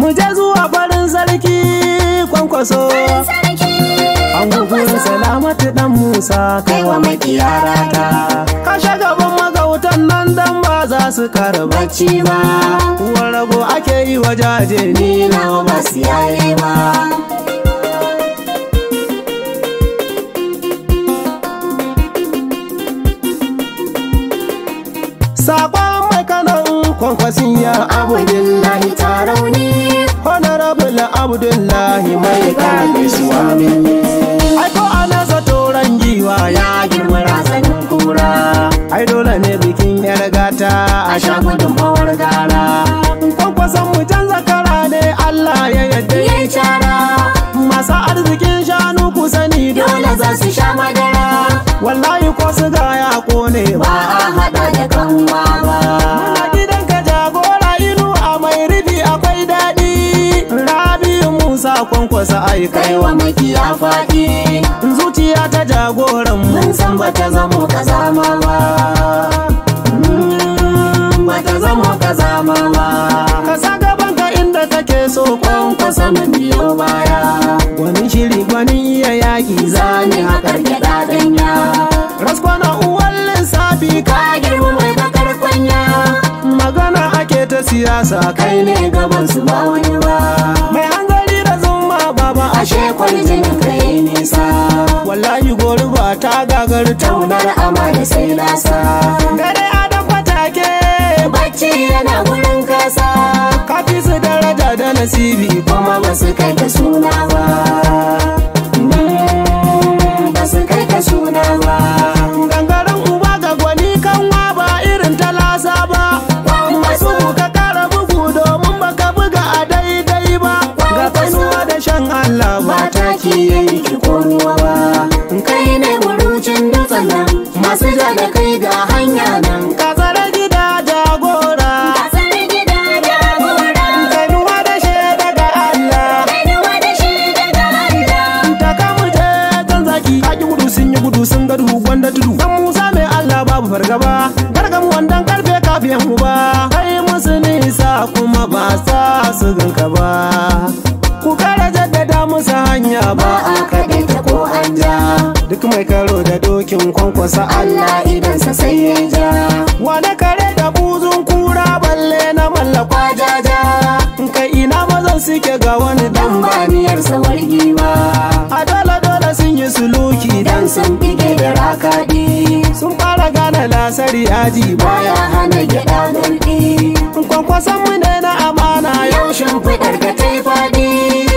mu je zuwa farin sarki kwankwaso an gugurin salamatu dan musa kaiwa makiyarata kashe gaban magautan nan dan ba za su karbaci bacci ba uwar rago ake yi wa jaje ni na ba su yaye ba Sakon mai kanon kwankwasin ya abu abdullahi mai kare suwa aiko ana zato ran giwa ya girma rasanin kura ai dole ne bikin yar gata a sha mawar gara kwankwason mu can zakara ne allah ya yadda ya cara masu arzikin shanu ku sani dole za su sha madara wallahi ko su gaya kone ba a hada da kanwa kwankwasa ai kai wa ya faɗi zuciya ta jagoran mun san bata zamo kazama ba mm, bata zamo kazama ba ka sa gaban ka inda kake so kwankwasa mun biyo baya wani shiri gwani iya yaki zani a gyaɗa danya raskwana uwan lissafi ka girma mai bakar kwanya magana ake ta siyasa kai ne gaban su ba wani ba kwanjin ka nisa wallahi gori ba ta gagar taunar amana sai nasa dare adam fatake bacci yana gurin kasa kafi su daraja da nasibi kuma ba su kai da suna ba fargaba gargam wandan karfe kafin ba kai musu nisa kuma ba sa su ganka ba ku kara jaddada musu hanya ba a kaɗe ta ko an duk mai karo da dokin kwankwasa Allah sa sai ya ja wane kare da buzun kura balle na mallakwa jaja kai ina mazan suke ga wani dan ba niyar sawar giwa a dole sari aji baya hana gyaɗa garɗi kwankwason mu ne na amana yau shimfiɗar ka ta yi faɗi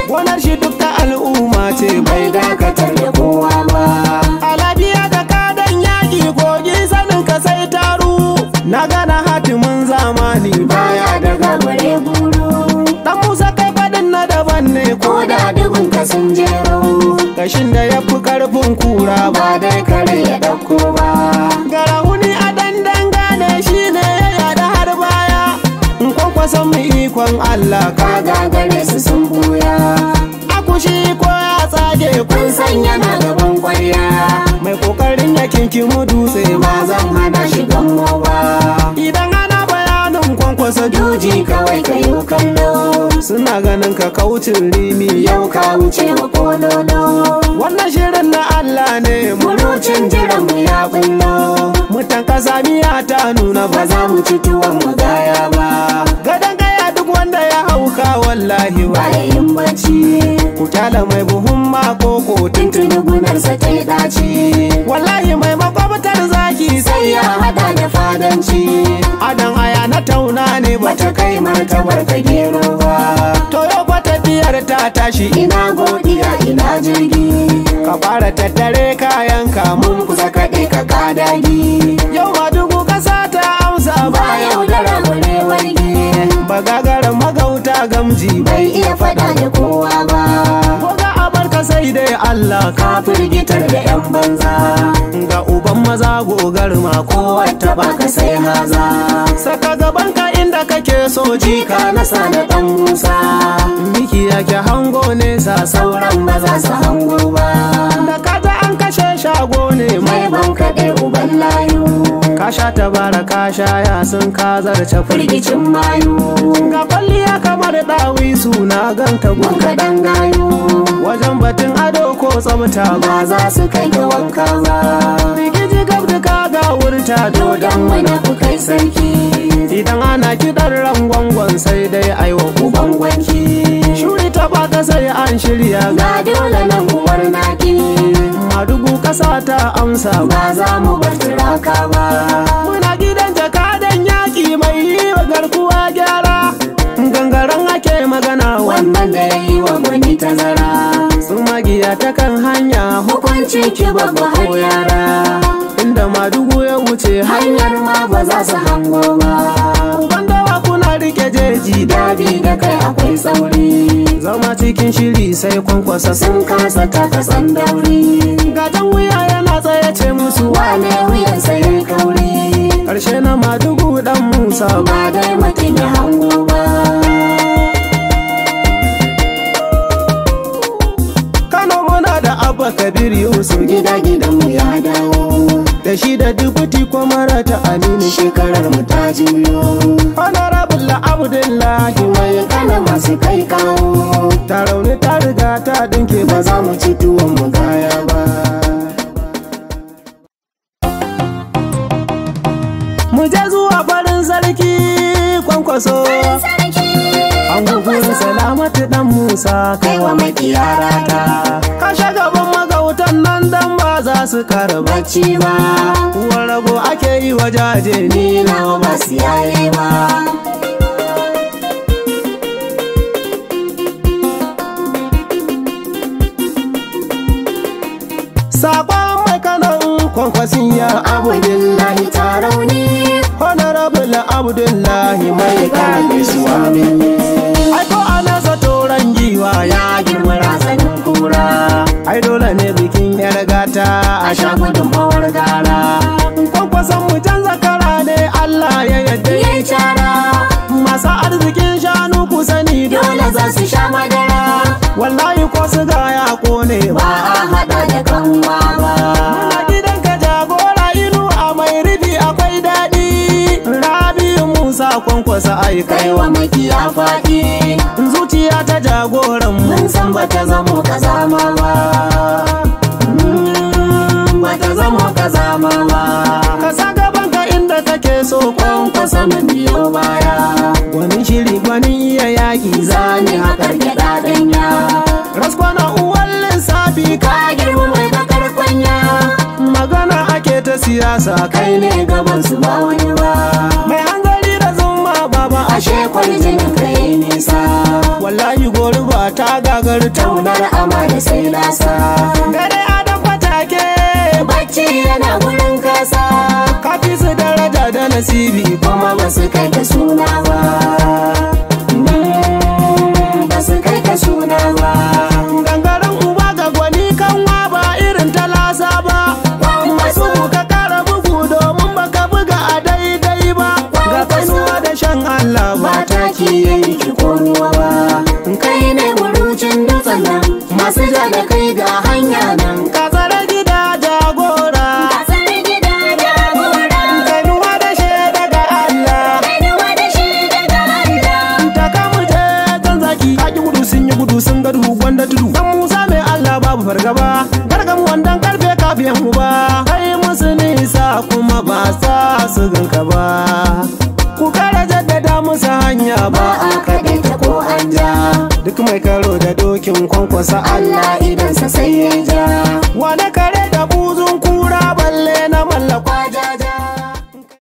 gonar shi duk ta al'umma ce bai dakatar da kowa ba alabiya da kadan yaƙi gogi sanin ka sai taru na gana hatimin zamani baya daga gabare buru. dan musa kai faɗin na daban ne ko da dubun ka sun jero kashin da ya fi ƙarfin kura ba Allah ka gagare su sun buya akushi ko ya tsage kun san yana gaban kwarya mai kokarin ya ki mu dutse ba zan hana shi gammo ba idan ana bayanin kwankwasa juji kawai ka yi kallo suna ganin ka kaucin rimi yau ka wuce makololo wannan shirin na Allah ne murucin jiran mu ya kullo mutan kasa miya ta nuna ba za mu ci tuwon mu gaya ba lahi bayayin bacci ku mai buhun mako ko tuntuni gunarsa ta yi ɗaci wallahi mai makwabtar zaki sai ya hada da fadanci adan aya na tauna ne bata kai mata ta gero ba to yau bata biyar ta tashi ina godiya ina jirgi ka fara tattare kayan ka mun kusa kaɗe ka kadagi yau ma dubu kasa ta amsa ba yau da ne baga gamji bai iya fada da kowa ba Koga barka sai dai Allah ka firgitar da yan banza Ga uban maza gogar ma kowa ta baka sai haza Saka gaban ka inda kake so jika na sana dan Musa Miki yake hango ne sa sauran maza za su hango ba Da kaga an kashe shago ne mai bankaɗe uban layu kasha ta tabara kasha ya sun ka zarce firgicin mayu ga kwalliya kamar dawi suna ganta gunka dan gayu wajen batun ado ko tsabta ba za su kai ga wanka ba rigiji gab da ga wurta dodon mana ku kai sarki idan ana kiɗan rangwangon sai dai aiwa ku bangwanki shuri ta ba sai an shirya ga dole nan ƙasa ta amsa ba za mu bar turaka ba muna gidan jakadan yaƙi mai yi wa garkuwa gyara gangaren ake magana wannan da ya yi wa gwani tazara sun magiya ta kan hanya hukunci ki babba har yara inda madugu ya wuce hanyar ma ba za su hango ba bangawa kuna rike jeji dabi da kai akwai sauri zama cikin shiri sai kwankwasa sun kasa ta san dauri gadon wuya yana tsaye ce musu wane wuyan sai kauri karshe na ma dubu dan musa ba dai mutum ya hango ba kano muna da abba kabir yusuf gida gidan mu ya dawo da shi da dubuti ko ta aminu shekarar mu ta juyo da abdullahi mai kana masu kai kawo ta rauni ta riga ta dinke ba za mu ci tuwon mu gaya ba mu je zuwa farin sarki kwankwaso an gugurin salamatu dan musa kaiwa makiyara ta kashe gaban magautan nan dan ba za su karbaci ba ba rago ake yi wajaje ni na ba su yaye ba kwankwasin ya abudullahi tarauni honorable abudullahi mai kare suwa aiko ana zato giwa ya girma razanin kura ai dole ne bikin yar gata a sha mawar gara a kwankwasa ai kaiwa makiya faɗi zuciya ta jagoran mun san bata zamo zama ba mm, bata zamo zama ba ka sa gaban ka inda kake so kwankwasa mun biyo baya wani shiri gwani iya yaki zani hakar gyaɗa ɗanya raskwana uwan lissafi ka girma mai bakar kwanya magana ake ta siyasa kai ne gaban su ba wani ba ta gagar taunar amana sai sa. dare adam fatake bacci yana wurin kasa kafi su daraja da nasibi kuma ba su kai da suna ba bugun ka ba ku kara jaddada musu hanya ba a kaɗaita ko an ja duk mai karo da dokin kwankwasa Allah idan sa sai ya